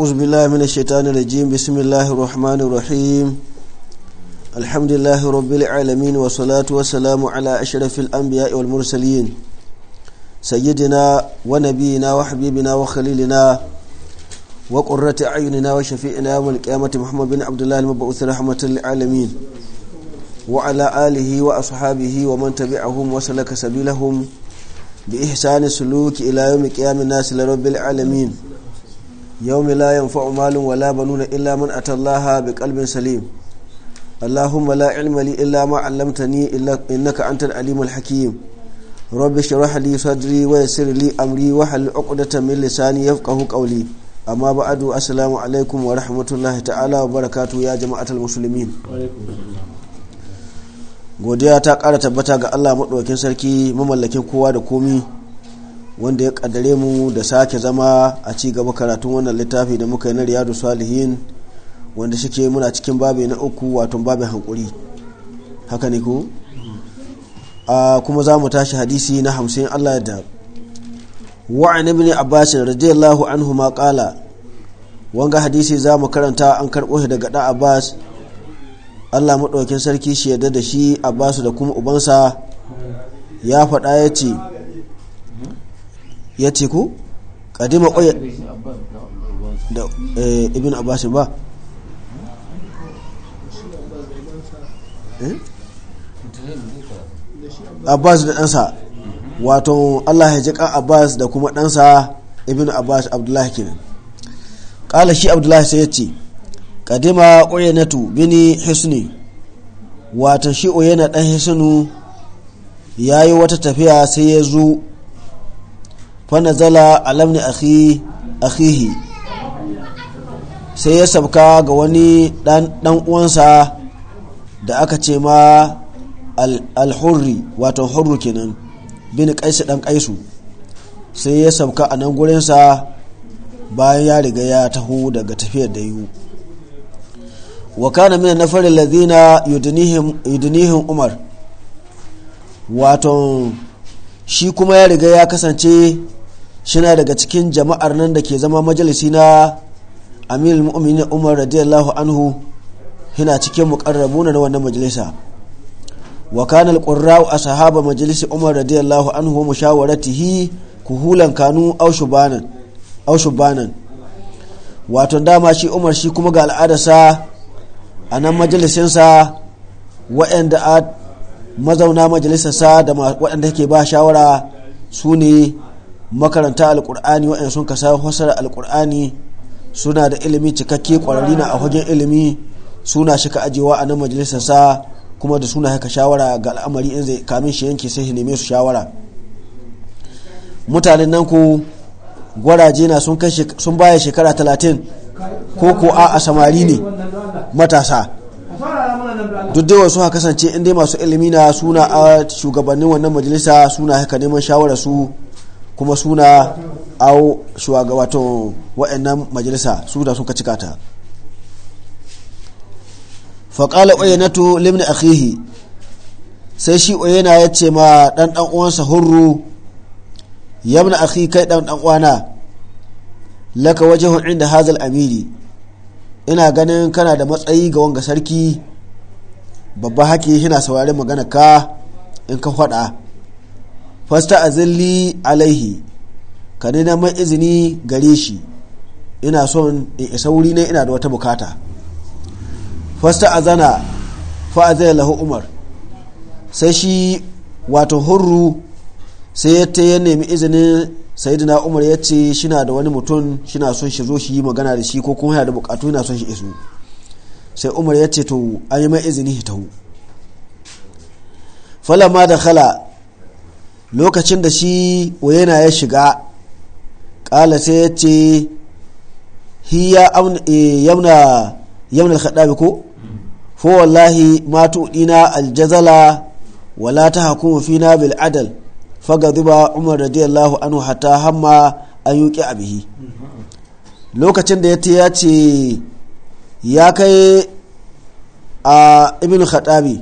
أعوذ بالله من الشيطان الرجيم بسم الله الرحمن الرحيم الحمد لله رب العالمين والصلاة والسلام على أشرف الأنبياء والمرسلين سيدنا ونبينا وحبيبنا وخليلنا وقرة أعيننا وشفيئنا والقيامة محمد بن عبد الله المبعوث رحمة للعالمين وعلى آله وأصحابه ومن تبعهم وسلك سبيلهم بإحسان السلوك إلى يوم القيامة الناس لرب العالمين يوم لا ينفع مال ولا بنون إلا من أتى الله بقلب سليم اللهم لا علم لي إلا ما علمتني إلا إنك أنت العليم الحكيم رب اشرح لي صدري ويسر لي أمري وحل عقدة من لساني يفقه قولي أما بعد السلام عليكم ورحمة الله تعالى وبركاته يا جماعة المسلمين godiya ta ƙara tabbata ga Allah maɗaukin sarki mamallakin kowa da komi wanda ya kadare mu da sake zama a ci gaba karatun wannan littafi da muka yi na riyadu salihin wanda shi ke muna cikin babi na uku wato babin hankuri haka ne ku a kuma za mu tashi hadisi na hamsin allah da wa'an ibn abbas radiyallahu anhu ma kala wanga hadisi za mu karanta an karbo shi daga da abbas allah maɗaukin sarki shi yadda da shi abbasu da kuma ubansa ya faɗa ya ce ya ce ku kadima ƙwaya da eh, ibn abbas ba eh? abbas da ɗansa wato allah ya jiƙa abbas da kuma ɗansa ibn abbas abdullahi kenan ƙala shi abdullahi sai ya ce kadima tu bini hisni wato shi na ɗan hisnu ya yi wata tafiya sai ya zo fanazala alamni akhihi sai ya sabka ga wani dan uwansa da aka ce ma alhurri wato hurru kenan bin kaisu dan kaisu sai ya sabka a nan gurinsa bayan ya riga ya taho daga tafiyar da yiwu wa kana min nafar alladhina yudnihim umar wato shi kuma ya riga ya kasance shina daga cikin jama'ar nan da ke zama majalisi na amir mu'minin umar radiyallahu anhu yana cikin muƙarrabuna na wannan majalisa wa kana a ashaba majalisi umar radiyallahu anhu mushawaratihi kuhulan kanu aw shubanan aw shubanan wato dama shi umar shi kuma ga al'adarsa a nan majalisinsa waɗanda a mazauna majalisarsa da waɗanda ke ba shawara su ne makaranta alkur'ani waɗansu sun kasa fasara alkur'ani suna da ilimi cikakke kwararri na a wajen ilimi suna shi ka ajewa a nan majalisar sa kuma da suna haka shawara ga al'amari in zai kamin shi yanke sai neme su shawara mutanen nan ku gwaraje na sun sun baya shekara talatin ko ko a samari ne matasa duk da wasu kasance in dai masu ilimi na suna a shugabannin wannan majalisa suna haka neman shawara su kuma suna au shuwaga wato wa'annan majalisa su da suka cika ta faƙala oyanatu limni akhihi sai shi oyana ya ce ma ɗan uwansa hurru yamna akhi kai ɗan ɗan'uwana uwana laka wajen inda hazal amiri ina ganin kana da matsayi ga wanga sarki babba haki yana saurari magana ka in ka faɗa fasta azilli alaihi ka nuna mai izini gare shi ina son in isa wuri ne ina da wata bukata fasta azana zana fa'azai lahu umar sai shi wato hurru sai yadda ya nemi izinin sayidina umar ya ce shina da wani mutum shina son shi zo shi yi magana da shi ko kuma yana da bukatu yana son shi isu sai umar ya ce to an yi mai izini ta hu falama da khala lokacin da shi wayana ya shiga kala sai ya ce hiya eh, yamna yamna al ko fo wallahi ma aljazala al-jazala wala fi fina bil adal fagaduba umar radiyallahu anhu hatta hamma an yuki abihi lokacin da ya ya ya kai a ibn khadabi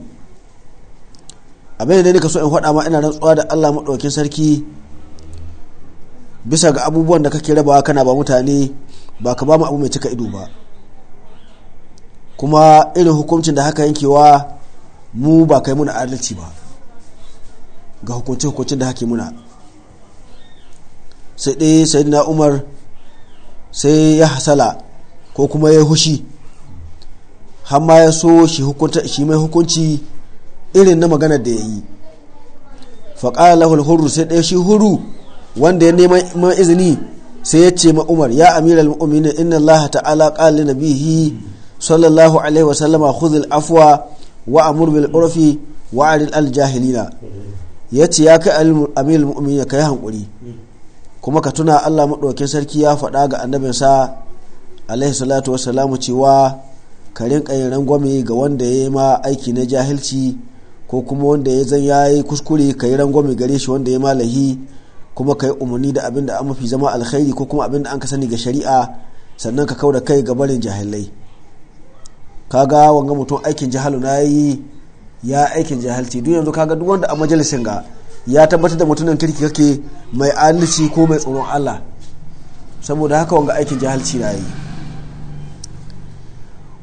abin da ne ka so in faɗa ma ina rantsuwa da Allah maɗauki sarki bisa ga abubuwan da kake rabawa kana ba mutane ba ka ba mu abu mai cika ido ba kuma irin hukuncin da haka yankewa mu ba kai muna adalci ba ga hukunci hukuncin da hake muna sai ɗaya sai umar sai ya hasala ko kuma ya hushi har ma ya so shi mai hukunci irin na magana da ya yi faƙala lahul hurru sai ɗaya shi huru wanda ya neman izini sai ya ce ma umar ya amiral mu'mini inna allaha ta'ala qala nabihi sallallahu alaihi wa sallama khudh afwa wa amur bil urfi wa aril al jahilina yace ya kai amiral mu'mini kai hankuri kuma ka tuna Allah maɗaukin sarki ya faɗa ga annabinsa alaihi salatu wassalamu cewa ka rinka yin rangwame ga wanda ya yi ma aiki na jahilci ko kuma wanda ya zan ya yi kuskure ka yi rangwame gare shi wanda ya malahi kuma ka yi umarni da abin da an mafi zama alkhairi ko kuma abin da an ka sani ga shari'a sannan ka kauda kai ga barin jahilai kaga wanga mutum aikin jahalu na yi ya aikin jahalci duk yanzu kaga duk wanda a majalisin ga ya tabbatar da mutumin kirki kake mai adalci ko mai tsoron Allah saboda haka wanga aikin jahalci na yi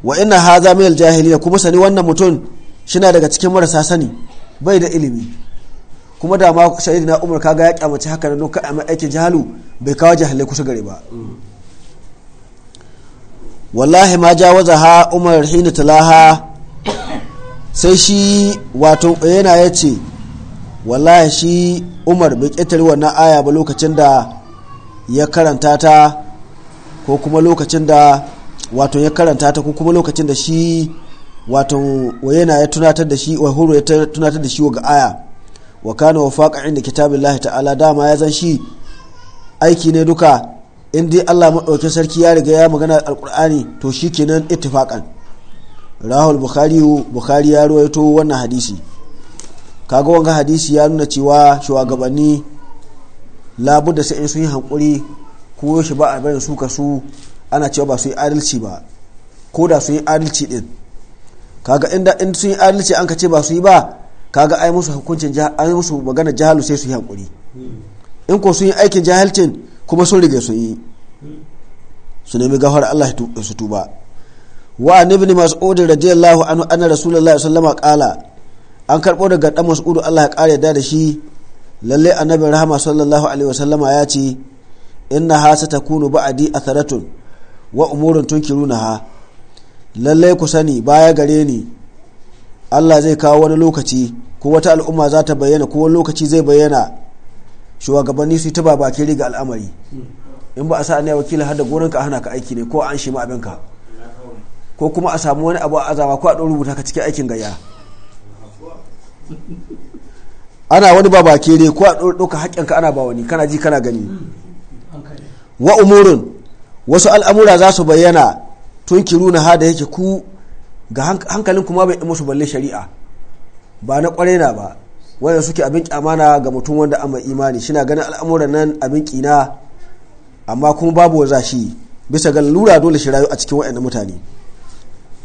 wa inna hadha min al kuma sani wannan mutum shina daga cikin marasa sani bai da ilimi kuma da ma shaidu na umar kaga ya kyamace haka na nuka a aikin jihalu bai kawo jihalai kusa gare ba wallahi ma waza ha umar hina talaha sai shi wato yana ya ce wallahi shi umar bai ƙetare wannan aya ba lokacin da ya karanta ta ko kuma lokacin da wato ya karanta ta ko kuma lokacin da shi wato wayana ya tunatar da shi wa huru ya tunatar da shi ga aya wa kana faqa inda kitabillahi ta'ala dama ya zan shi aiki ne duka in dai Allah madauke sarki ya riga ya magana alqur'ani to shikenan ittifaqan rahul bukhari bukhari ya ruwaito wannan hadisi kaga wanga hadisi ya nuna cewa shugabanni labu da sai in sun yi hankuri ko shi ba a barin su ka su ana cewa ba su yi adalci ba ko da su yi adalci din kaga inda in sun yi adalci an ka ce ba su yi ba kaga ai musu hukuncin ai musu magana jahalu sai su yi hankuri in ko sun yi aikin jahilcin kuma sun rige sun yi su nemi gafara Allah su tuba wa an ibn mas'ud radiyallahu anhu anna rasulullahi sallallahu alaihi wasallam an karbo daga dan mas'ud Allah ya kare da shi lalle annabi rahama sallallahu alaihi wasallama ya ce inna hasa takunu ba'di atharatun wa umurun tunkirunaha lallai ku sani baya gare ni allah zai kawo wani lokaci ko wata al'umma za ta bayyana ko wani lokaci zai bayyana shugabanni su ta babake riga al'amari in ba a sa ne wakili har da gurin ka hana ka aiki ne ko an shi ma abin ka ko kuma a samu wani abu a azama ko a ɗan rubuta ka cikin aikin gayya ana wani ba ne ko a ɗauka haƙƙin ka ana ba wani kana ji kana gani wa umurun wasu al'amura za su bayyana tunkiruna ha da yake ku ga hankalin kuma bai musu balle shari'a ba na kwarai na ba wanda suke abin amana ga mutum wanda an imani imani na ganin al'amuran nan abin kina amma kuma babu wa shi bisa ga lura dole shi a cikin waɗannan mutane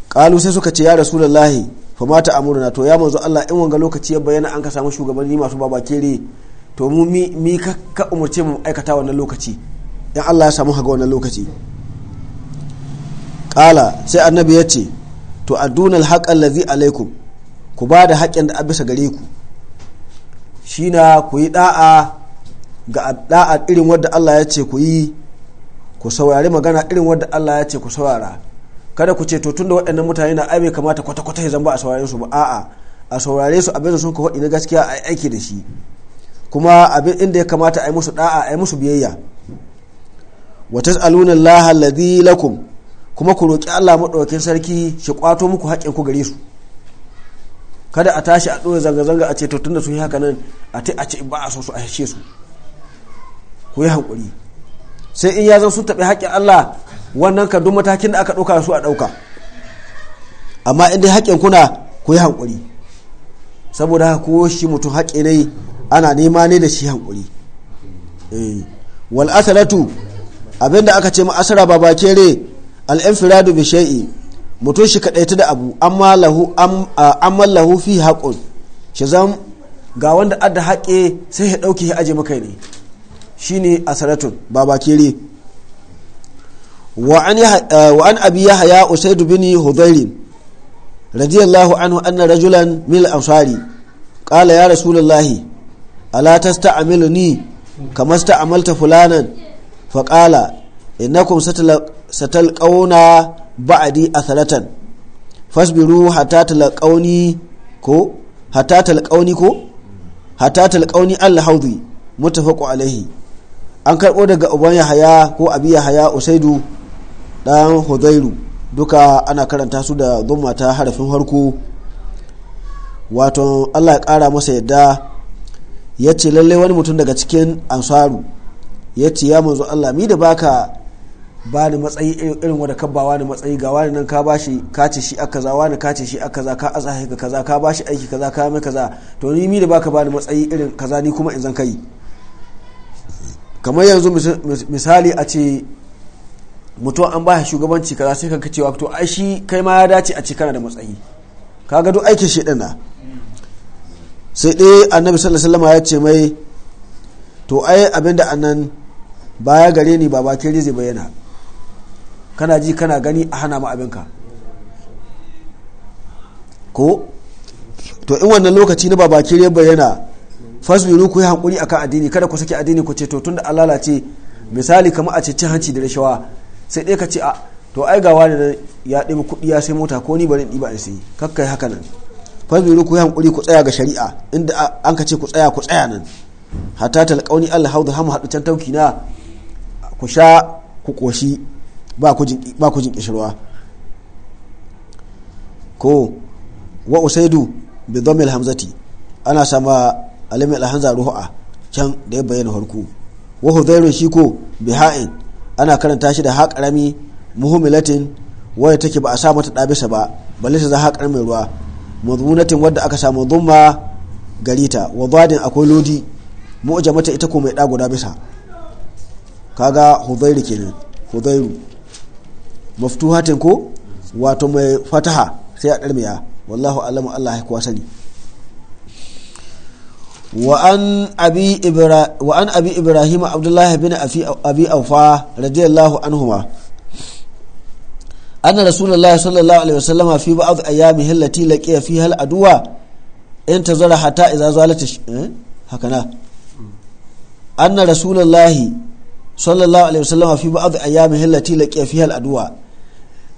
kalu sai suka ce ya lahi fa mata amuruna to ya manzo Allah in wanga lokaci ya bayyana an ka samu shugabanni masu baba kere to mu mi ka umurce mu aikata wannan lokaci in Allah ya samu haga wannan lokaci kala sai annabi ya ce to aduna alhaqal ladhi alaikum ku ba da haƙƙin da bisa gare ku shina ku yi da'a ga da'a irin wadda Allah ya ce ku yi ku saurari magana irin wadda Allah ya ce ku saurara kada ku ce to tunda waɗannan mutane na ai kamata kwata-kwata ya zamba a saurare su ba a'a a saurare su abin da sun ka na gaskiya a aiki da shi kuma abin inda ya kamata a yi musu da'a a yi musu biyayya wa tas'aluna Allah alladhi lakum kuma ku roƙi Allah maɗaukin sarki shi ƙwato muku haƙƙin ku gare su kada a tashi a ɗora zanga-zanga a ce to tunda sun yi haka nan a ta a ce ba a so su a hashe su ku yi hankuri sai in ya zan sun taɓi haƙƙin Allah wannan ka duk matakin da aka ɗauka su a ɗauka amma in dai haƙƙin kuna ku yi hankuri saboda haka ko shi mutum haƙƙi ne ana nema ne da shi hankuri eh. wal asalatu abinda aka ce ma asara ba bakere al-infiradu bi sha'i mutum shi ta da abu amma lahu amma lahu fi haƙon shi zan ga wanda adda haƙe sai ya ɗauke ya aje maka ne shine a saratun ba ba kere wa an abi yahya usayd bin hudari radiyallahu anhu anna rajulan mil amsari ƙala ya rasulullahi ala kamar kama amalta fulanan faƙala innakum satalqauna ba'di athalatan fasbiru hatta talqauni ko hatta talqauni ko hatta talqauni al-hawdi an karbo daga uban yahaya ko abi yahaya usaidu dan hudairu duka ana karanta su da zumma ta harafin harko wato allah ya kara masa yadda ya ce lallai wani mutum daga cikin ansaru ya ce ya manzo allah mi da baka ba ni matsayi irin wanda ka bawa ni matsayi ga wani nan ka bashi shi kace shi a kaza wani kace shi a kaza ka azahi ka kaza ka bashi aiki kaza ka mai kaza to ni mi da baka bani matsayi irin kaza ni kuma in zan kai kamar yanzu misali a ce mutum an ba shi shugabanci kaza sai ka cewa to ai shi kai ma ya dace a ce kana da matsayi ka ga duk aikin shi dinna sai dai annabi sallallahu alaihi wasallam ya ce mai to ai abinda anan baya gare ni baba kire zai bayyana kana ji kana gani a hana mu abinka ko to in wannan lokaci na babaki ya bayyana fasbiru ku yi hankuri akan addini kada ku saki addini ku ce to tunda Allah lalace misali kama a ce cin hanci da rashawa sai dai ka ce a to ai ga wani ya ɗiba kuɗi ya sai mota ko ni bari ɗiba in sai kakka yi haka nan fasbiru ku yi hankuri ku tsaya ga shari'a inda an ka ce ku tsaya ku tsaya nan hatta talƙauni Allah haudu hamu haɗu can tauki na ku sha ku koshi ba ku jin kishirwa ko wa usaidu bi dhammil hamzati ana sama alimin alhanza ruhu'a can da ya bayyana harku wa hudhairun shi ko bi ha'in ana karanta shi da ha karami muhimmilatin wadda take ba a sa mata ɗabisa ba balle ta za ha karamin ruwa mazmunatin wadda aka samu zumma garita wa zadin akwai lodi mu'jamata ita ko mai ɗa guda bisa kaga hudhairu kenan huzairu maftuhatin ko wato mai fataha sai a ɗarmiya wallahu alamu allah ibrahim abdullahi bin abi aufa radiyallahu anhuma sallallahu alaihi wasallam fi fi hal aduwa in ta zara hata iza zalata eh? haka na an sallallahu alaihi wasallam fi ba abu ayyami hillati laƙi fi hal aduwa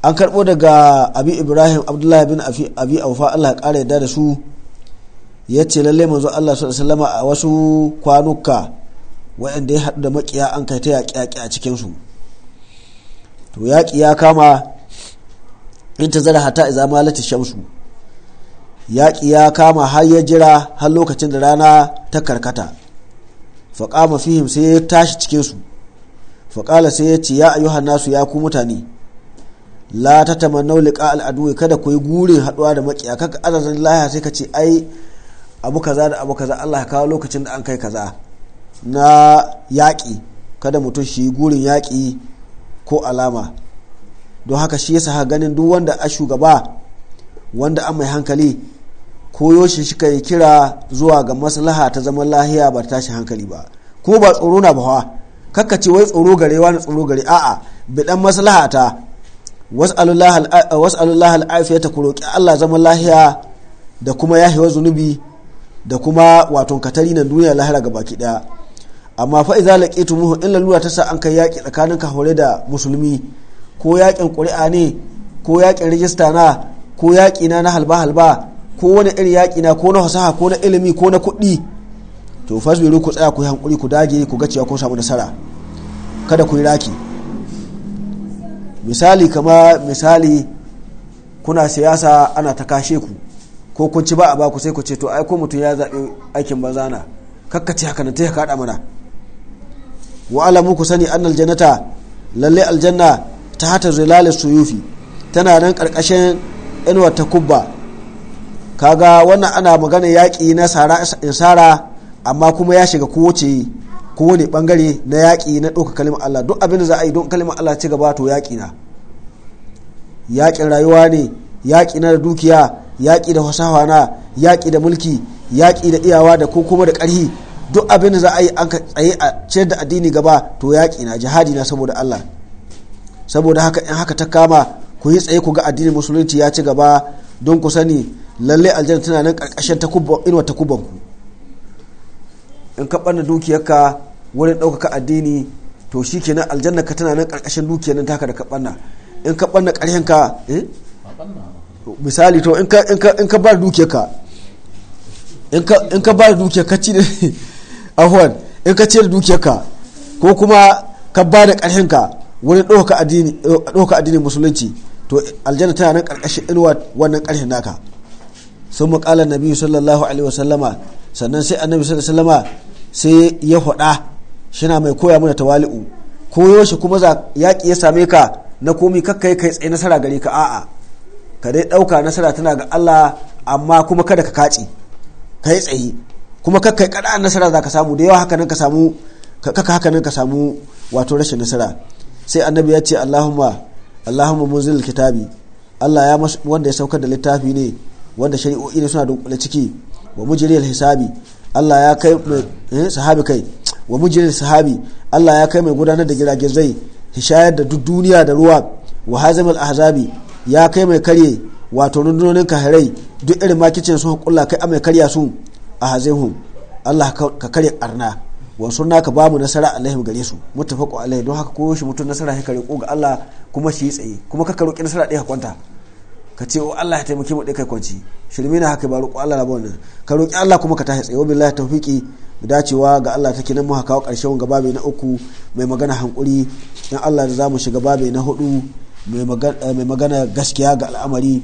an karbo daga abi ibrahim abdullahi bin abi aufa allah kara yadda da su ya ce lalle manzo allah su a wasu kwanuka waɗanda ya haɗu da makiya an kai ta yaƙi a cikinsu to yaƙi ya kama in ta zara hata iza lati shamsu yaƙi ya kama har ya jira har lokacin da rana ta karkata faƙama fihim sai ya tashi cikinsu faƙala sai ya ce ya ayyuhan nasu ya ku mutane la ta tamannau liqa al'adu kada ku yi gurin haduwa da makiya kaka azazin lahiya sai ka ce ai abu kaza da abu kaza Allah ya kawo lokacin da an kai kaza na yaƙi kada mutum shi gurin yaƙi ko alama don haka shi yasa ganin duk wanda a shugaba wanda an mai hankali koyo shi shi yi kira zuwa ga maslaha ta zaman lahiya ba tashi hankali ba ko ba tsoro na ba kakka ce wai tsoro gare wani tsoro gare a'a bidan maslaha ta was'alullah ta kuro ki Allah zama lahiya da kuma yahewar zunubi da kuma wato katari na duniya lahira ga baki daya amma fa idza tu muhu illa lura ta sa an kai yaƙi tsakanin ka hore da musulmi ko yaƙin ƙuri'a ne ko yaƙin rijista na ko yaƙi na na halba halba ko wani irin yaƙi na ko na fasaha ko na ilimi ko na kuɗi to fasbiru ku tsaya ku yi hankuri ku dage ku ga cewa kun samu nasara kada ku yi raki misali kama misali kuna siyasa ana ta kashe ku ko kun ci ba a baku sai ku ce to ai ko mutum ya zaɓi aikin banzana kakkace haka nan ta ya kaɗa mana wa alamu ku sani annal jannata lalle aljanna ta hata zilal suyufi tana nan ƙarƙashin inuwar ta kubba kaga wannan ana magana yaki na sara amma kuma ya shiga kowace kowane bangare na yaƙi na ɗauka kalimar Allah duk abin da za a yi don kalimar Allah ci gaba to yaƙi na yaƙin rayuwa ne yaƙi na dukiya yaƙi da fasaha na yaƙi da mulki yaƙi da iyawa da ko kuma da ƙarhi duk abin da za a yi an ka tsaye a ciyar da addini gaba to yaƙi na jihadi na saboda Allah saboda haka in haka ta kama ku yi tsaye ku ga addinin musulunci ya ci gaba don ku sani lallai aljanna tana nan ƙarƙashin takubban inuwa takubban ku in ka ɓanna dukiyarka wurin ɗaukaka addini to shi kenan aljanna ka tana nan ƙarƙashin dukiyar nan taka da ka ɓanna in ka ɓanna ƙarshen ka eh? misali to in ka ba dukiyarka in ka ba dukiyarka ci da ahuwan in ka ce da dukiyarka ko kuma ka ba da ƙarshen ka wurin ɗaukaka addini musulunci to aljanna tana nan ƙarƙashin inuwa wannan ƙarshen naka sun makala nabi sallallahu alaihi wasallama sannan sai annabi sallallahu alaihi wasallama sai ya faɗa shina mai koya mana tawali'u koyo shi kuma yaƙi ya same ka na komi kakkai kai tsaye nasara gare ka a'a ka dai ɗauka nasara tana ga Allah amma kuma kada ka kaci kai tsaye kuma kakkai kada nasara za ka samu da yawa haka nan ka samu kaka haka nan ka samu wato rashin nasara sai annabi ya ce Allahumma Allahumma munzil kitabi Allah ya wanda ya saukar da littafi ne wanda shari'o'i ne suna dunkule ciki wa mujriyal hisabi Allah ya kai eh, sahabi kai wa mujriyal sahabi Allah ya kai mai gudanar da zai hishayar da duk duniya da ruwa wa hazimal ahzabi ya kai mai karye wato rundunonin kahirai duk irin makicin sun hukulla kai a mai karya su a hazihum Allah ka karya arna wa sunna ka bamu nasara alaihim gare su mutafaqu alaihi don haka ko shi mutun nasara ya kare ko ga Allah kuma shi tsaye kuma ka roki nasara ɗaya kwanta ka ce wa oh, Allah ya taimake mu kai kwanci shirme na haka ba roƙo Allah rabon nan ka roƙi Allah kuma ka tashi tsaye wabi Allah tawfiki dacewa ga Allah take nan mu kawo ƙarshen gaba na uku mai magana hankuri dan Allah da zamu shiga babe na hudu eh, mai magana gaskiya ga al'amari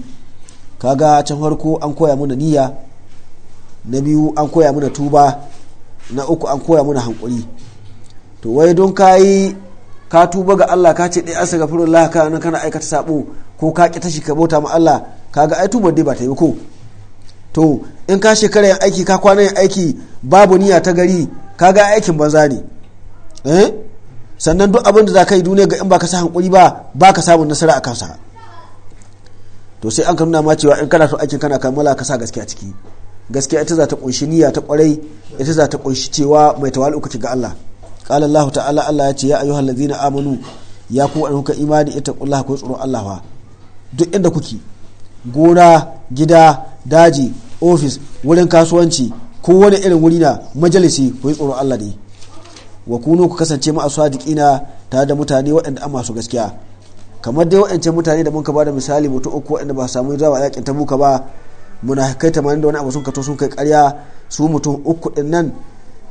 kaga can farko an koya mana niyya na biyu an koya mana tuba na uku an koya mana hankuri to wai don kayi ka tuba ga Allah ka ce dai astaghfirullah ka nan kana aikata sabo ko ka ƙi tashi ka bauta ma Allah kaga ai tubar dai ba ta yi ko to in ka shekara yin aiki ka kwana yin aiki babu niyya ta gari kaga aikin banza ne eh? sannan duk abin da za ka yi duniya ga in ba ka sa hankuri ba ba ka samun nasara a kansa to sai an ka nuna ma cewa in kana so aikin kana kammala ka sa gaskiya ciki gaskiya ita za ta kunshi niyya ta kwarai ita za ta kunshi cewa mai tawali uku ga Allah qala Allah ta'ala Allah ya ce ya ayyuhallazina amanu ya ku an kuka imani ita kullaha ku tsoro Allah fa duk inda kuke gona gida daji ofis wurin kasuwanci ko wani irin wuri na majalisi ku yi tsoron Allah ne wa kuno ku kasance ma na tare da mutane waɗanda an masu gaskiya kamar dai waɗancan mutane da mun ka bada misali mutum uku waɗanda ba samu zawa yakin tabuka ba muna kai tamanin da wani abu sun ka to sun kai karya su mutum uku ɗin nan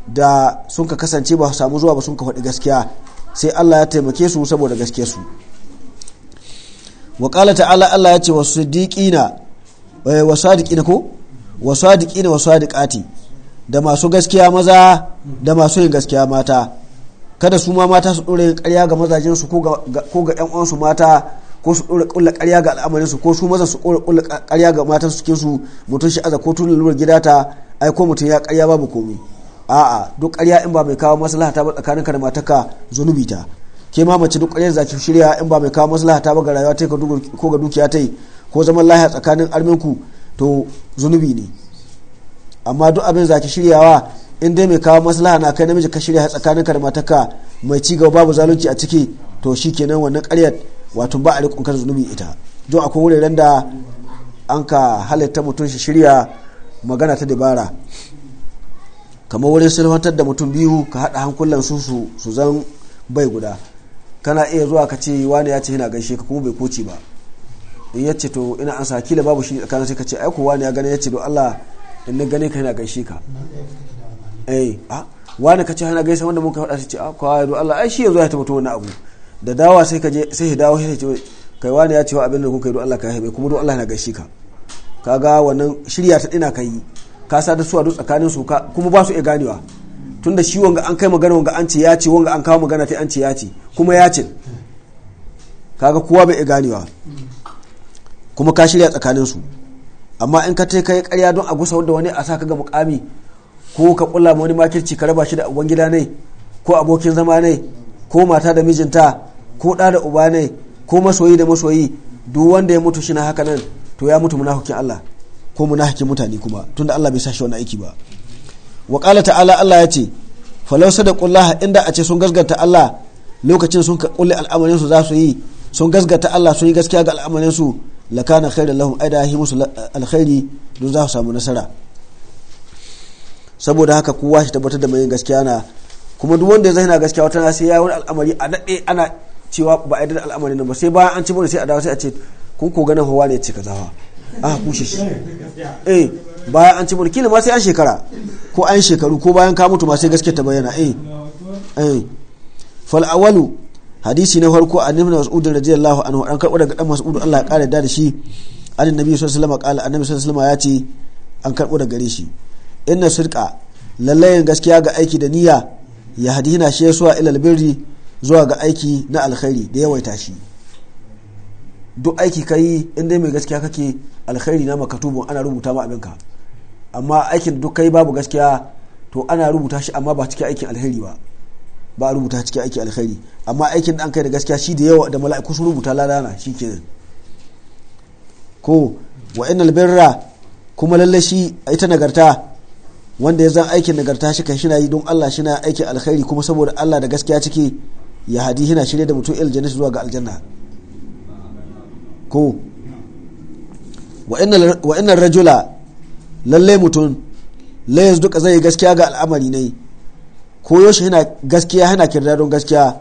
da sun ka kasance ba samu zuwa ba sun ka faɗi gaskiya sai Allah ya taimake su saboda gaskiyar su wa qala ta'ala Allah ya ce wa sadiqina eh, wa sadiqina ko wa sadiqina wa sadiqati da masu gaskiya maza da masu yin gaskiya mata kada su ma mata su yin ƙarya ga mazajen su ko ga ƴan uwansu mata ko su ɗora ƙulla ƙarya ga al'amarin su ko su maza su ɗora ƙulla ƙarya ga matan su su mutum shi aza ko tun lura gida ta ai ko mutum ya ƙarya babu komai a'a duk ƙarya in ba mai kawo maslaha ta ba tsakaninka da matarka zunubi ta ke ma mace duk ƙaryar zaki shirya in ba mai kawo maslaha ta ba ga rayuwa ta ko ga dukiya ta yi ko zaman lahiya tsakanin arminku to zunubi ne amma duk abin zaki shiryawa in dai mai kawo maslaha na kai namiji ka shirya tsakanin ka da mai ci gaba babu zalunci a ciki to shi kenan wannan ƙaryar wato ba a riƙon kan zunubi ita don akwai wuraren da an ka halitta mutum shi shirya magana ta dabara kamar wurin sulhantar da mutum biyu ka haɗa hankulan su su zan bai guda kana iya zuwa ka ce wani ya ce yana gaishe ka kuma bai koci ba in ya ce to ina an saki da babu shi kana sai ka ce aiko wani ya gane ya ce don Allah in na gane ka yana gaishe ka eh a wani ka ce yana gaishe wanda muka faɗa sai ce aiko kawai do Allah ai shi yanzu ya tabbato wani abu da dawa sai ka je sai ya dawo sai ce kai wani ya ce wa abin da kuka yi do Allah ka haibe kuma do Allah yana gaishe ka kaga wannan shirya ta dina ka yi ka sa da suwa a tsakanin su kuma ba su iya ganewa tunda shi wanga an kai magana wanga an ce ya ce wanga an kawo magana ta an ce ya ce kuma ya ce kaga kowa bai ganewa kuma ka shirya tsakanin su amma in ka kai karya don a gusa wanda wani a sa ka ga mukami ko ka kula wani makirci ka raba shi da uban gida ne ko abokin zama ne ko mata da mijinta ko ɗa da uba ne ko masoyi da masoyi duk wanda ya mutu shi na haka nan to ya mutu munafikin Allah ko munafikin mutane kuma tunda Allah bai sa shi wani aiki ba wa qala ta'ala Allah ya ce falau sadaqullah inda a ce sun gasgata Allah lokacin sun kulle al'amarin su za su yi sun gasgata Allah sun yi gaskiya ga al'amarin su lakana da lahum aida hi musu alkhairi don za su samu nasara saboda haka kowa shi tabbatar da mai gaskiya na kuma duk wanda ya zaina gaskiya wata sai ya wani al'amari a daɗe ana cewa ba a da al'amarin nan ba sai bayan an ci mana sai a dawo sai a ce kun ko ganin hawa ne ya ce kazawa a kushe shi eh bayan an ci mana kila ma sai an shekara ko an shekaru ko bayan ka mutu ma sai gaske ta bayyana eh eh fal awalu hadisi na farko a ibn mas'ud radiyallahu anhu an karbu daga dan mas'ud Allah ya kare da shi annabi sallallahu alaihi wasallam kala annabi sallallahu alaihi wasallam ya ce an karbo daga gare shi inna sirqa lallayin gaskiya ga aiki da niyya ya hadina shi zuwa ilal birri zuwa ga aiki na alkhairi da yawaita shi duk aiki kai in dai mai gaskiya kake alkhairi na makatubun ana rubuta ma abinka amma aikin duk kai babu gaskiya to ana rubuta shi amma ba cikin aikin alheri ba ba a rubuta cikin aikin alheri amma aikin da an kai da gaskiya shi da yawa da mala'iku sun rubuta ladana shi kenan ko wa innal albirra kuma lalle shi ita nagarta wanda ya zan aikin nagarta shi kan shina yi don Allah shina aikin alkhairi kuma saboda Allah da gaskiya ciki ya hadi hina shirye da mutum aljanna zuwa ga aljanna ko wa innal rajula lallai mutum layas duka zai gaskiya ga al'amari ne ko yaushe yana gaskiya yana kirda don gaskiya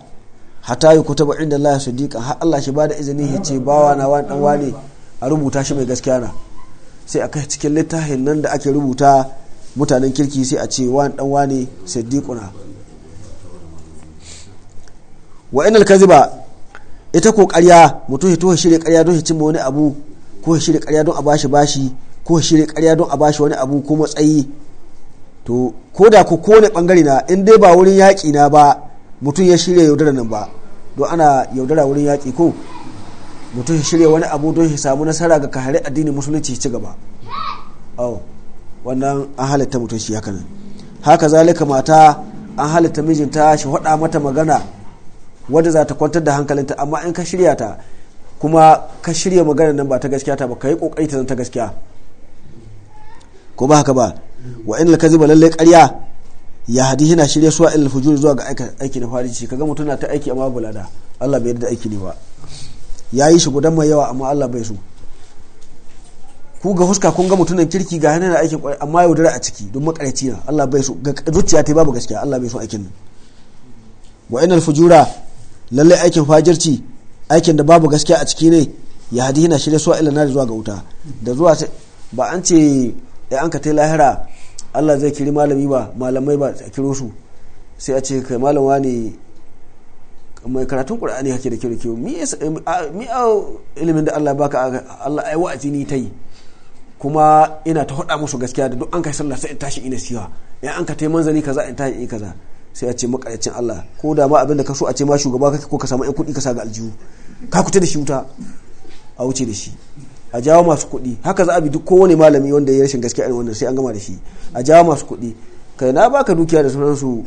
hata yi taba inda Allah sadiqa har Allah shi bada izini ya ce bawa na wani dan wane a rubuta shi mai gaskiya na sai a kai cikin littafin nan da ake rubuta mutanen kirki sai a ce wani dan wane sadiquna wa inal kaziba ita ko karya mutum ya tohe shirya karya don ya cimma wani abu ko ya karya don a bashi bashi ko ne karya don a bashi wani abu ko matsayi to ko da ku kone bangare na in dai ba wurin yaƙi na ba mutum ya shirya yaudara nan ba don ana yaudara wurin yaƙi ko mutum ya shirya wani abu don shi samu nasara ga kahare addinin musulunci ci gaba oh wannan an halitta mutum shi haka nan haka zalika mata an halitta mijinta shi faɗa mata magana wadda za ta kwantar da hankalinta amma in ka shirya ta kuma ka shirya magana nan ba ta gaskiya ta ba ka yi kokari ta zan ta gaskiya ko ba haka ba wa ka zuba lalle ƙarya ya hadi yana shirye suwa ilal fujur zuwa ga aiki na farici kaga mutum na ta aiki amma bulada Allah bai yarda aiki ne ba ya yi shi gudan mai yawa amma Allah bai so ku ga huska kun ga mutunan kirki ga hannun aiki kwarai amma yaudara a ciki don makarici na Allah bai so ga zuciya ta babu gaskiya Allah bai so aikin nan wa ina fujura lalle aikin fajirci aikin da babu gaskiya a ciki ne ya hadi yana shirye suwa ila nari zuwa ga wuta da zuwa ba an ce ya an ka ta lahira allah zai kiri malami ba malamai ba a kiro su sai a ce kai malamwa ne mai karatun qur'ani hake da kiro da mi a ilimin da allah baka allah ai wa'azi ni ta yi kuma ina ta faɗa musu gaskiya da duk an kai sallah sai in tashi ina siwa ya an ka ta manzani kaza in tashi in kaza sai a ce makaracin allah ko da ma abin da ka so a ce ma shugaba kake ko ka samu yan kuɗi ka sa ga aljihu ka kuta da shi wuta a wuce da shi a jawo masu kuɗi haka za a bi duk kowane malami wanda ya rashin gaskiya wanda wannan sai an gama da shi a jawo masu kuɗi kai na baka dukiya da sauransu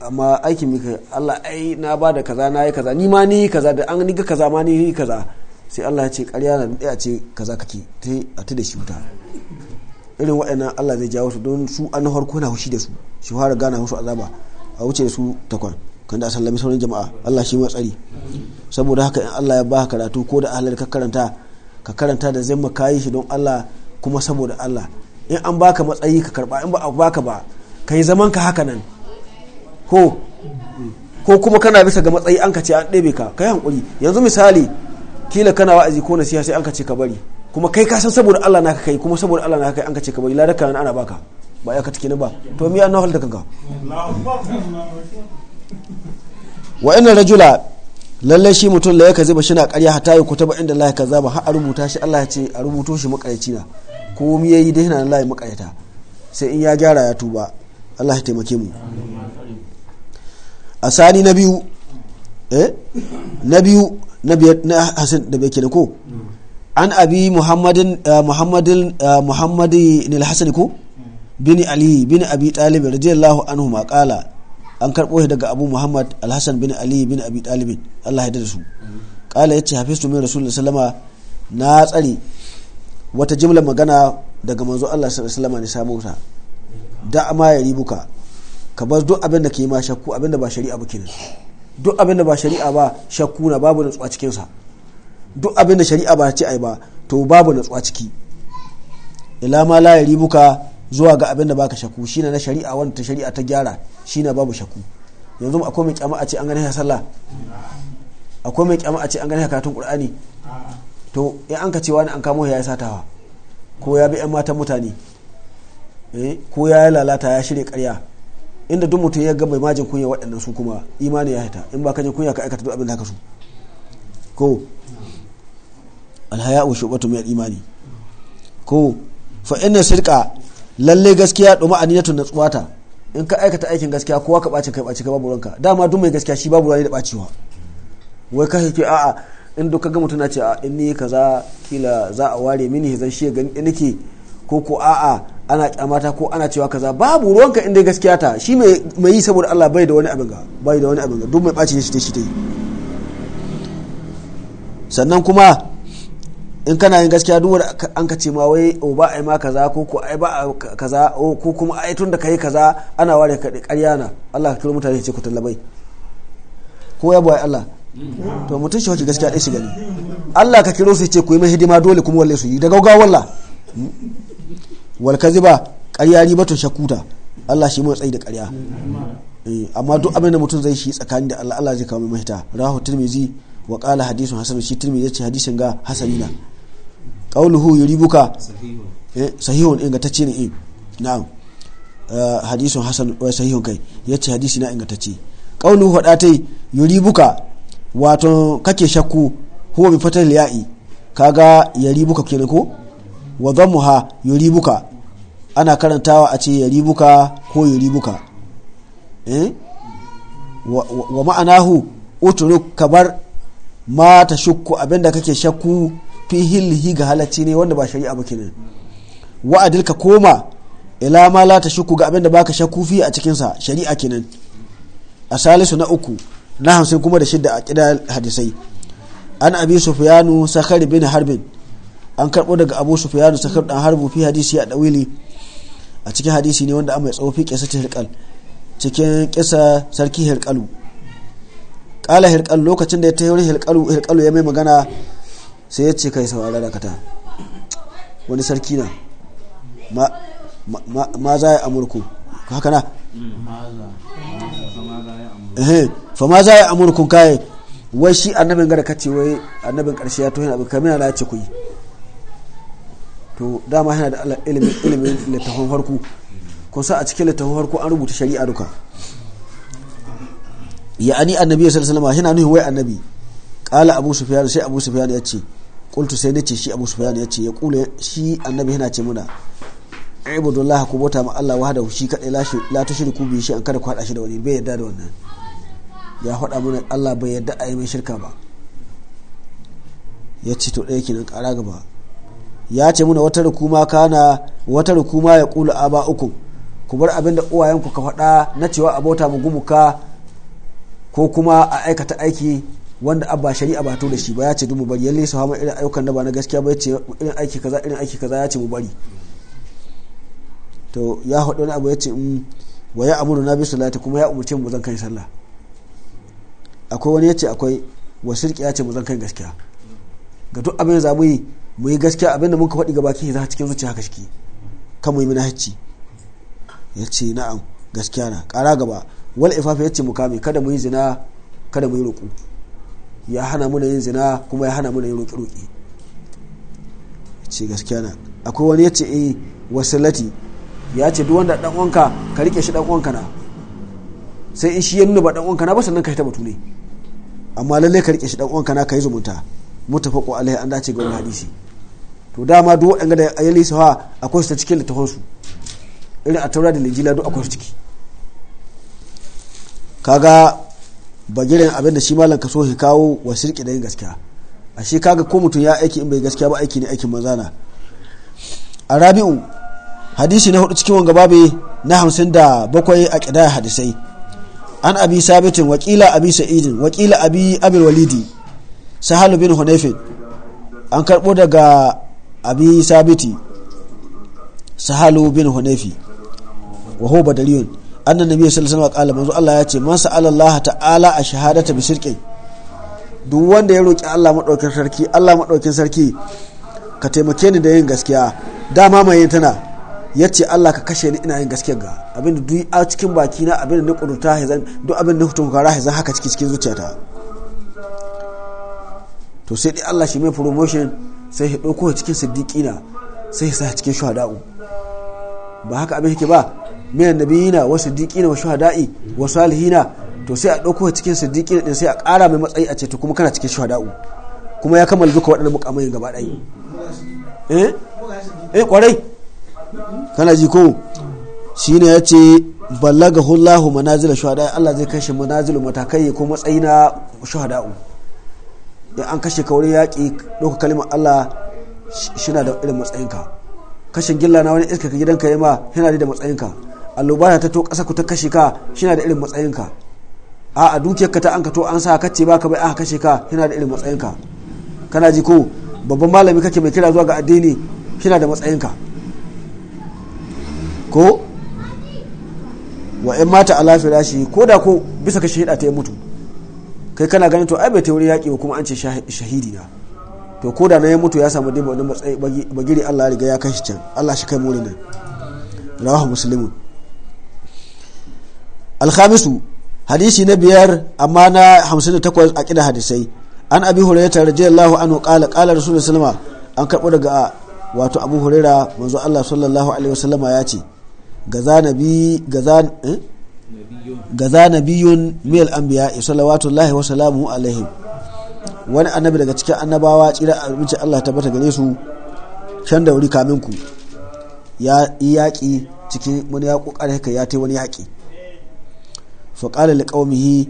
amma aikin mika Allah ai na ba da kaza na yi kaza ni ma ni kaza da an ga kaza ma ni yi kaza sai Allah ya ce ƙarya na ɗaya ce kaza kake sai a ta da shi wuta irin waɗannan Allah zai jawo su don su an harko na hushi da su shi fara gana musu azaba a wuce da su takwan kan da sallami sauran jama'a Allah shi ma tsari saboda haka in Allah ya ba karatu ko da ahalar ka karanta ka karanta da zai ka yi shi don Allah kuma saboda Allah in an baka matsayi ka karba in ba a baka ba ka yi zaman ka haka nan ko ko kuma kana bisa ga matsayi an ka ce an ɗebe ka kai hankuri yanzu misali kila kana wa'azi ko nasiha sai an ka ce ka bari kuma kai ka san saboda Allah naka kai kuma saboda Allah naka kai an ka ce ka bari ladaka ana baka ba ya ka take ba to me an nahal da kanka wa inna rajula lallai shi mutum la ka zuba shina karya hata kuta ba inda Allah ya zaba har a rubuta shi Allah ya ce a rubuto shi makaryaci na ko mu yayi dai na Allah ya sai in ya gyara ya tuba Allah ya taimake mu a sani na biyu eh na biyu na biyar na hasan da bai kenan ko an abi muhammadin eh, muhammadin eh, ne al-hasan ko bin ali bin abi talib radiyallahu anhu ma qala an karɓo shi daga abu muhammad alhassan bin ali bin abi ɗalibin allah ya da su kala ya ce hafistu min rasulullah sallama na tsare wata jimla magana daga manzo allah sallama ne samu ta da ma ya ribuka ka bar duk abin da ke ma shakku abin da ba shari'a ba kenan duk abin da ba shari'a ba shakku na babu natsuwa cikinsa duk abin da shari'a ba ce ai ba to babu tsuwa ciki ila ma la ya ribuka zuwa ga abin da baka shaku shine na shari'a wanda ta shari'a ta gyara shine babu shaku yanzu akwai mai kyama a ce an gane ya sallah akwai mai kyama a ce an gane ya karatun qur'ani to in an ka ce wani an kamo ya satawa ko ya bi yan matan mutane eh, ko ya yi lalata ya shirya karya inda duk mutum ya ga mai majin kunya waɗannan su kuma imani ya hita in ba ka jin kunya ka aikata duk abin da haka su ko alhaya wa shubatu mai imani ko fa inna sirqa lalle gaskiya duma tunan tsuwata in ka aikata aikin gaskiya kowa ka ɓaci kai ɓace kai babu ranka dama duk mai gaskiya shi babu rani da ɓacewa wai ka hake a'a in duk ka gama na ce a in ni kaza kila za a ware mini zan shi gani nake ko ko a'a ana kyamata ko ana cewa kaza babu ruwanka in dai gaskiya ta shi mai yi saboda Allah bai da wani abin ga bai da wani abin ga duk mai ɓaci shi ta shi ta yi sannan kuma in kana yin gaskiya duk an ka ce ma wai o oh, ba ai ma kaza ko ko ai ba kaza ko kuma ai tun da kai kaza ana ware ka ƙarya na Allah ka kira mutane ce ku tallabai ko ya boye Allah to mutum shi wace gaskiya ɗaya shi gani Allah ka kira su ce ku yi mai hidima dole kuma wallahi su yi da gaugawa wallah wal kaziba ƙarya ribatun shakuta Allah shi mai tsayi da ƙarya eh, amma duk abin da mutum zai shi tsakanin da Allah Allah zai kawo mai mahita rahu tirmizi wa qala hadithun hasan shi tirmizi ya ce hadisin ga hasanina qawluhu yuribuka sahihun ingantacce ne eh na'am hadisun hasan wa sahihun kai ya ce hadisi na ingantacce qawluhu hada tai yuribuka wato kake shakku huwa bi fatal ya'i kaga yaribuka kenan ko wa dhammuha yuribuka ana karantawa a ce yaribuka ko yuribuka eh wa, wa, wa ma'anahu uturuk kabar ma ta shukku abinda kake shakku fi hilhi ga halacci ne wanda ba shari'a ba kenan wa'adil ka koma ila ma la ta shuku ga abin da baka shakku fi a cikin sa shari'a kenan a salisu na uku na hamsin kuma da shidda a kida hadisai an abi sufyanu sakhar bin harbin an karbo daga abu sufyanu sakar dan harbu fi hadisi a dawili a cikin hadisi ne wanda an mai tsawo fi kisa hirqal cikin kisa sarki hirqalu kala hirƙalu lokacin da ya ta yi hirkalu ya mai magana sai ya ce kai saurara da kata wani sarki na ma za yi amurku haka na eh, fa ma za yi amurku kaye wai shi annabin gara kace wai annabin karshe ya tohin abu da ya ce ku yi to dama yana da ilimin ilimin littafin farko kusa sa a cikin littafin farko an rubuta shari'a duka ya ani annabi sallallahu alaihi wasallam yana nuhi wai annabi kala abu sufyan sai abu sufyan ya ce qultu sai nace shi abu sufyan ya ce ya kula shi annabi yana ce muna ibudullah ku bota ma Allah wahdahu shi kadai la tushriku bi shi an kada ku hada shi da wani bai yadda da wannan ya faɗa mana Allah bai yadda a yi mai shirka ba ya ce to ɗaya kenan ƙara gaba ya ce muna wata rukuma kana wata rukuma ya kula aba uku ku bar abin da uwayenku ka faɗa na cewa abota mu gumuka ko kuma a aikata aiki wanda abba shari'a ba to da shi ba ya ce mu bari yalle su hama irin ayyukan da ba na gaskiya ba ya ce irin aiki kaza irin aiki kaza ya ce mu bari to ya haɗu wani abu ya ce mm, wa ya amuru na bi salati kuma ya umurce mu zan kai sallah akwai wani ya ce akwai wa sirki ya ce mu zan kai gaskiya ga duk abin za mu yi mu yi gaskiya abin da muka faɗi ga baki za cikin zuciya haka shi kan mu yi minahici ya ce na'am gaskiya na ƙara gaba wal ifafa ya ce mu kame kada mu yi zina kada mu yi roƙo ya hana muna yin zina kuma ya hana muna yin roƙe-roƙe ce gaskiya na akwai wani ya ce eh wasilati ya ce duk wanda dan uwanka ka rike shi dan uwanka na sai in shi ya nuna ba dan uwanka na ba sannan ka ta batu ne amma lalle ka rike shi dan uwanka na ka yi zumunta mutafaqu alaihi an dace ga hadisi to dama duk waɗanda da ayali sawa akwai su ta cikin littafin su irin a taura da lijila duk akwai su ciki kaga bagiren abin da shi malam ka so shi kawo wa shirki da yin gaskiya a shi kaga ko mutum ya aiki in bai gaskiya ba aiki ne aikin na. a rabi'u hadisi na hudu cikin wanga babe na hamsin da bakwai a kidaya hadisai an abi sabitin wakila abi sa'idin wakila abi abil walidi sahalu bin hunayfin an karbo daga abi sabiti sahalu bin hunayfi wa huwa annan nabi sallallahu alaihi wasallam kala manzo Allah ya ce man sa'ala Allah ta'ala a shahadata bi shirki duk wanda ya roki Allah madaukakin sarki Allah madaukakin sarki ka taimake ni da yin gaskiya dama mai yin tana yace Allah ka kashe ni ina yin gaskiyar ga abinda duk a cikin baki na abinda na kudurta hizan duk abinda na hutun gara hizan haka ciki cikin zuciyata to sai dai Allah shi mai promotion sai ya dauko cikin siddiqina sai ya sa cikin shuhada'u ba haka abin yake ba minan annabiyina wa siddiqina wa shuhada'i wa salihina to sai a dauko cikin siddiqina din sai a ƙara mai matsayi a ce to kuma kana cikin shuhada'u kuma ya kammala duka waɗannan mukamai gaba ɗaya eh eh kwarai kana ji ko shine ya ce ballaga hullahu manazila shuhada Allah zai kashe manazilu matakai ko matsayi na shuhada'u idan an kashe kauri yaƙi ɗauka kalimar Allah shi na da irin matsayinka kashin gilla na wani iska ka gidanka ya ma yana da matsayinka alluba ta to ƙasa ku ta kashe ka shina da irin matsayinka a a dukiyar ka ta an ka to an sa kace baka bai aka kashe ka na da irin matsayinka kana ji ko babban malami kake mai kira zuwa ga addini shina da matsayinka ko wa in mata ala firashi ko da ko bisa ka shahida ta ya mutu kai kana ganin to ai bai tauri yaƙi kuma an ce shahidi na to ko da na ya mutu ya samu dai matsayi bagiri Allah ya riga ya kai shi can Allah shi kai mu ne rawahu muslimun alhamisu hadisi na biyar amma na hamsin da takwas a kida hadisai an abi hurairata radiyallahu anhu qala qala suna salama an karbo daga wato abu huraira manzo Allah sallallahu alaihi wasallama ya ce gaza nabi gaza eh? gaza nabiyun mil anbiya salawatullahi wa salamu alaihim wani annabi daga cikin annabawa tsira a rubuce Allah tabbata gare su can da wuri kamin ku ya yaƙi cikin wani yaƙo haka ya tai wani yaƙi fa da ƙaumihi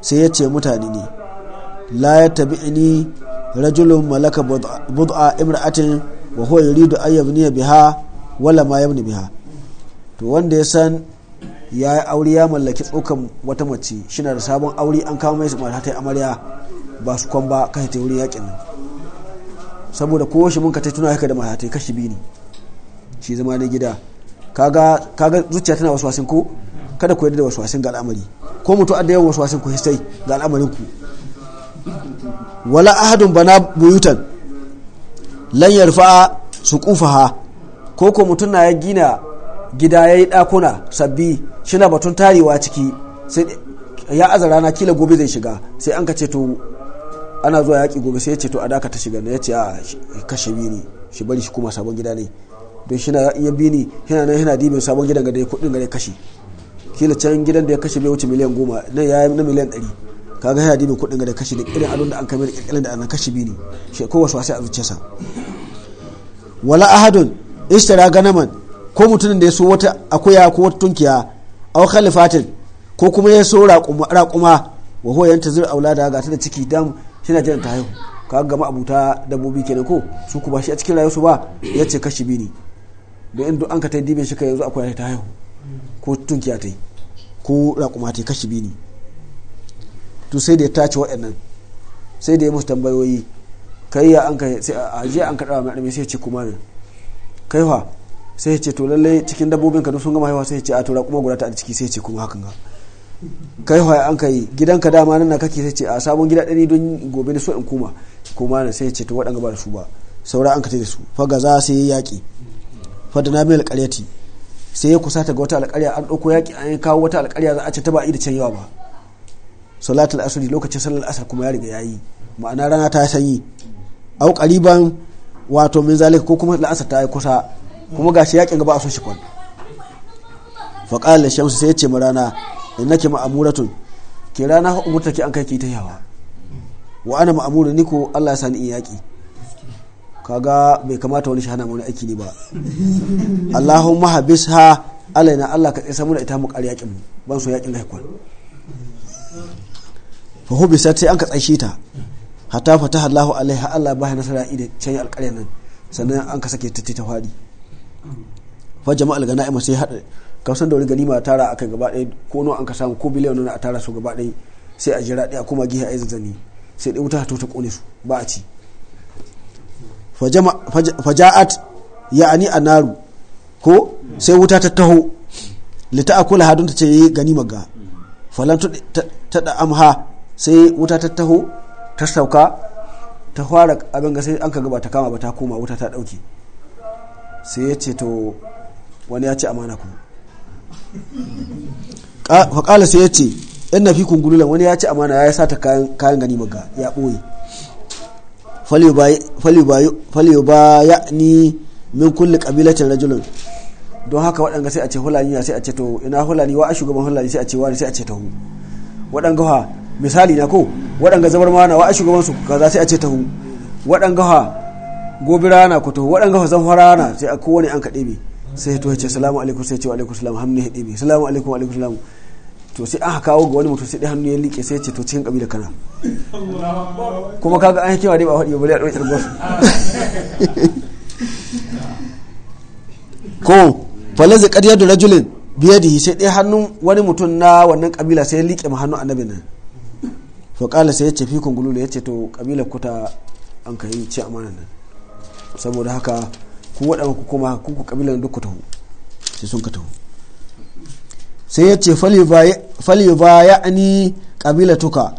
sai ya ce mutane ne la ini rajulun malaka bud'a imra'atin wa huwa yuridu an yabni biha wala ma yabni biha to wanda ya san ya yi aure ya mallaki tsokan wata mace shi da sabon aure an kama mai mata ta amarya ba su kwan ba kashe ta wurin yakin nan saboda ko shi mun ka ta tuna haka da mata ta kashi biyu ne shi zama na gida kaga zuciya tana wasu wasin ko kada ku yarda da waswasin ga al'amari ko mutu adda yawan waswasin ku histai ga al'amarin ku wala ahadun bana buyutan lan yarfa suqufaha ko ko mutun na ya gina gida yayi dakuna sabbi shina batun tarewa ciki sai ya aza rana kila gobe zai shiga sai an ka ce to ana zuwa yaki gobe sai ya ce to a daka ta shiga ne ya ce a kashe bini shi bari shi kuma sabon gida ne don shi na iya shi yana nan yana dibin sabon gidan ga dai kudin ga dai kashe kila can gidan da ya kashe bai wuce miliyan goma na ya yi na miliyan ɗari kaga yana dibin kuɗin da kashe da irin adon da an kamar kirkirin da an kashe biyu ne shi ko wasu wasu a zuciyarsa wala ahadun ishtara ganaman ko mutumin da ya so wata akuya ko wata tunkiya aw khalifatin ko kuma ya so raƙuma wa huwa yantazir aulada ga ta da ciki dam shina jiran ta haihu ka gama abuta dabbobi kenan ko su ku ba shi a cikin rayuwarsu ba ya ce kashi biyu ne da in duk an ka ta dibin shi ka yanzu akwai ta haihu ko tunki a ko raƙuma ta kashi biyu ne to sai da ya tace waɗannan sai da ya musu tambayoyi kai ya an kai sai a jiya an kaɗa mai sai ya ce kuma min kai fa sai ya ce to lallai cikin dabbobin ka sun gama haihuwa sai ya ce a to raƙuma guda ta a ciki sai ya ce kuma hakan ga kai fa an ka yi gidanka dama nan na kake sai ce a sabon gida ɗari don gobe da so in kuma kuma na sai ya ce to waɗanga ba da su ba saura an ka ta da su fa gaza za sai ya yaƙi fa da na bil alƙaryati sai ya kusa ga wata alƙarya an ɗauko yaƙi an yi kawo wata alƙarya za a ce ta ba a da canyawa ba salatul asri lokacin sallar asar kuma ya riga yayi ma'ana rana ta sanyi au qariban wato min zalika ko kuma la'asar ta yi kusa kuma gashi yaƙin gaba a so shi kwan fa qala shamsu sai ya ce ma rana innaki ma'amuratun ke rana hukumta ki an kai ki ta yawa wa ana ma'amuru ni ko Allah ya sani in yaƙi kaga bai kamata wani shahana wani aiki ne ba Allahumma habis ha alaina Allah ka tsaya muna ita mu ƙar yakin mu ban so yakin haikon. fa hubisat sai an ka tsaishe ta hatta fataha Allahu alaiha Allah ba nasara ida can alƙarya nan sannan an ka sake ta ta fadi fa jama'al ganaima sai hada ka da wani ganima tara akai gaba ɗaya ko nawa an ka samu ko biliyan nuna a tara su gaba ɗaya sai a jira ɗaya kuma gihe a yi zanzani sai ɗaya wuta ta kone su ba a ci faja'at ya'ani naru ko sai wuta ta taho lita akula hadun ta ce yi eh, gani maga falan ta da amha sai wuta ta taho ta sauka ta fara abin ga sai an ka gaba ta kama ba ta koma wuta ta dauke sai ya ce to wani ya ce amana ku faƙala sai ya ce yan na fi kungulan wani ya ce amana ya sa ta kayan gani maga ya ɓoye falyubaya ni min kulli qabilatin rajulun don haka waɗanga sai a ce hulani sai a ce to ina hulani wa a shugaban hulani sai a ce wani sai a ce tahu waɗanga ha misali na ko waɗanga zabar mana wa a shugaban su kaza sai a ce tahu waɗanga ha gobe rana ko tahu waɗanga ha zanfara rana sai a kowane an kaɗe ɗebe sai to ya ce salamu alaikum sai ce wa alaikum salam hannu ya ɗebe salamu alaikum alaikum salamu to sai aka kawo ga wani mutum sai dai hannu ya liƙe sai ce to cikin kabila kana kuma kaga an hikima dai ba faɗi bari a ɗauki targon ko falin zai ƙarya da rajulin bi da sai dai hannun wani mutum na wannan kabila sai ya liƙe ma hannun annabi nan to kala sai ya ce fi kungulu ya ce to kabila kuta an kai ce amana nan saboda haka ku wadanku kuma ku kabilan duk ku taho sai sun ka taho sai ya ce faliba ya ani kabila tuka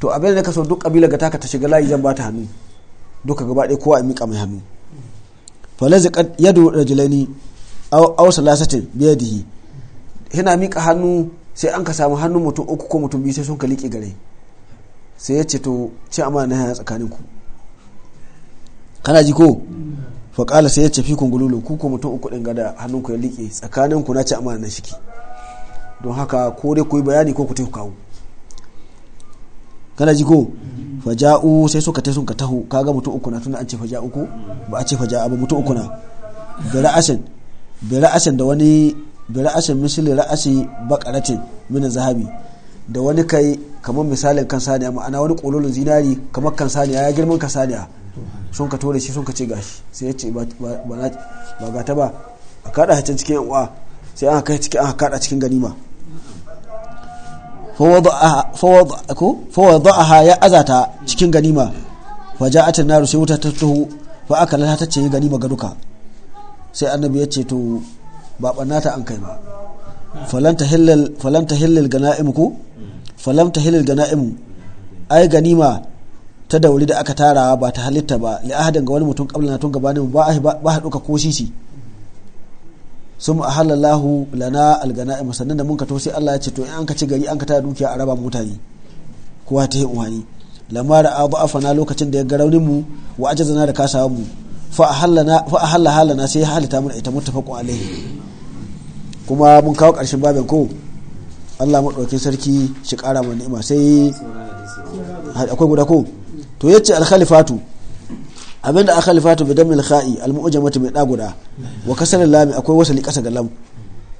to abin da ka so duk kabila ga taka ta shiga layi zan ba ta hannu duka gaba ɗaya kowa a miƙa mai hannu falazi yadu rajulani aw salasatin biyadihi yana miƙa hannu sai an ka samu hannun mutum uku ko mutum biyu sai sun ka liƙe gare sai ya ce to ci amana na tsakanin ku kana ji ko faƙala sai ya ce fi kun gululu ku ko mutum uku ɗin gada hannun ku ya liƙe tsakanin ku na ci amana na shiki don haka ko dai ku bayani ko ku tafi kawo kana ji ko faja'u sai suka tai suka ka taho kaga mutum uku na tuna an ce faja'u ko ba a ce faja'a ba mutum uku na bi ra'asin bi ra'asin da wani bi ra'asin misali ra'asi baqaratin min zahabi da wani kai kamar misalin kan saniya ma'ana wani kololin zinari kamar kan saniya ya girman kan saniya sun ka tore shi sun ka ce gashi sai ya ce ba gata ba a kada hacin cikin yan uwa sai an kai cikin an kada cikin ganima fawada'aha ya azata cikin ganima fa ja'atin naru sai wuta ta tuhu fa aka lalata ta ce ganima ga duka sai annabi ya ce to ba ta an kai ba falanta hillal falanta hillal ai ganima ta dauri da aka tara ba ta halitta ba li ahadin ga wani mutum kabla na tun gabanin ba ba duka ko sisi sun ahalallahu lana a sannan da mun ka sai Allah ya ce to in an ka ci gari an ka tara dukiya a raba mutane kowa ta yi umarni lamma da abu afana lokacin da ya ga mu wa zana da kasawa mu fa a ahalla halana sai ya halita mana ita ko alaihi kuma mun kawo karshen babin ko Allah madaukakin sarki shi ƙara mana ni'ima sai akwai guda ko to yace al-khalifatu abinda aka lifatu bi damil kha'i al mu'jamati mai daguda wa kasal lam akwai wasali kasa ga lam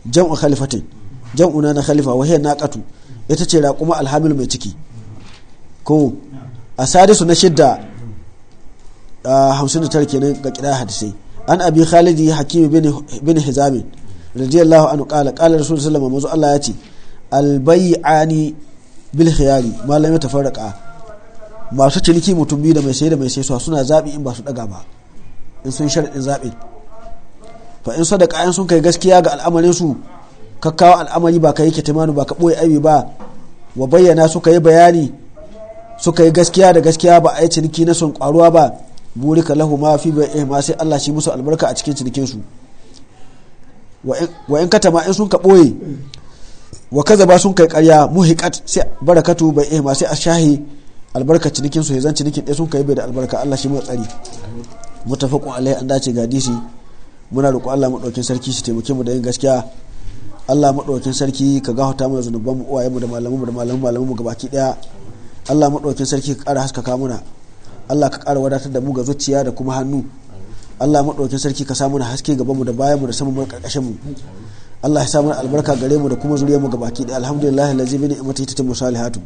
jam'u khalifatin jam'u na khalifa wa hiya naqatu ita ce raquma al hamil mai ciki ko asadisu na shidda da tara kenan ga kira hadisi an abi khalidi hakim bin hizam radiyallahu anhu qala qala rasulullahi sallallahu alaihi wasallam Allah ya ce al bay'ani bil khiyari ma lam masu ciniki mutum biyu da mai sai da mai sai suna zaɓi in ba su ɗaga ba in sun sharaɗin zaɓin fa in da ƙayan sun kai gaskiya ga al'amarin su kakkawa al'amari ba ka yi kitimanu ba ka ɓoye aibi ba wa bayyana suka yi bayani suka yi gaskiya da gaskiya ba a yi ciniki na son ƙwaruwa ba burika lahu ma fi bai eh ma sai Allah shi musu albarka a cikin cinikin su wa in katama in sun ka ɓoye wa kaza ba sun kai ƙarya muhiqat sai barakatu bai eh ma sai a shahi albarka cinikin su zan cinikin ɗaya sun kai bai da albarka Allah shi mai tsari mutafaqun alai an dace ga hadisi muna roƙo Allah maɗaukin sarki shi taimake mu da yin gaskiya Allah maɗaukin sarki ka gafarta mana zunuban mu uwaye mu da malamu mu da malamu malamu mu baki ɗaya Allah maɗaukin sarki ka ƙara haskaka muna Allah ka ƙara wadatar da mu ga zuciya da kuma hannu Allah maɗaukin sarki ka samu na haske gaban mu da bayan mu da saman mun ƙarƙashin mu Allah ya samu albarka gare mu da kuma zuriyar mu ga baki ɗaya alhamdulillah allazi bi ta tatimmu salihatu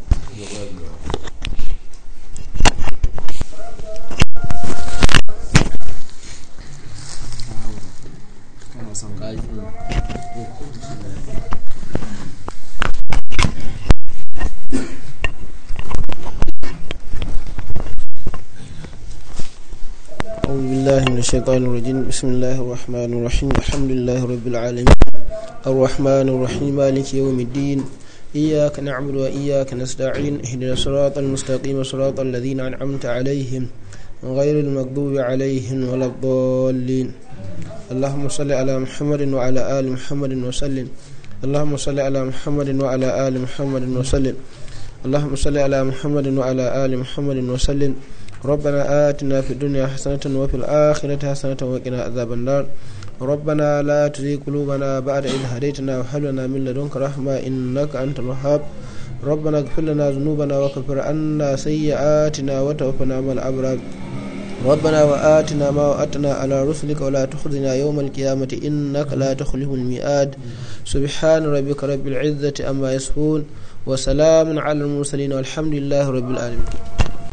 الشيطان الرجيم بسم الله الرحمن الرحيم الحمد لله رب العالمين الرحمن الرحيم مالك يوم الدين إياك نعبد وإياك نستعين اهدنا الصراط المستقيم صراط الذين أنعمت عليهم غير المغضوب عليهم ولا الضالين اللهم صل على محمد وعلى آل محمد وسلم اللهم صل على محمد وعلى آل محمد وسلم اللهم صل على محمد وعلى آل محمد وسلم ربنا آتنا في الدنيا حسنة وفي الآخرة حسنة وقنا عذاب النار ربنا لا تزغ قلوبنا بعد إذ هديتنا وهب لنا من لدنك رحمة إنك أنت الوهاب ربنا اغفر لنا ذنوبنا وكفر عنا سيئاتنا وتوفنا مع الأبرار ربنا وآتنا ما وعدتنا على رسلك ولا تخزنا يوم القيامة إنك لا تخلف الميعاد سبحان ربك رب العزة أما يصفون وسلام على المرسلين والحمد لله رب العالمين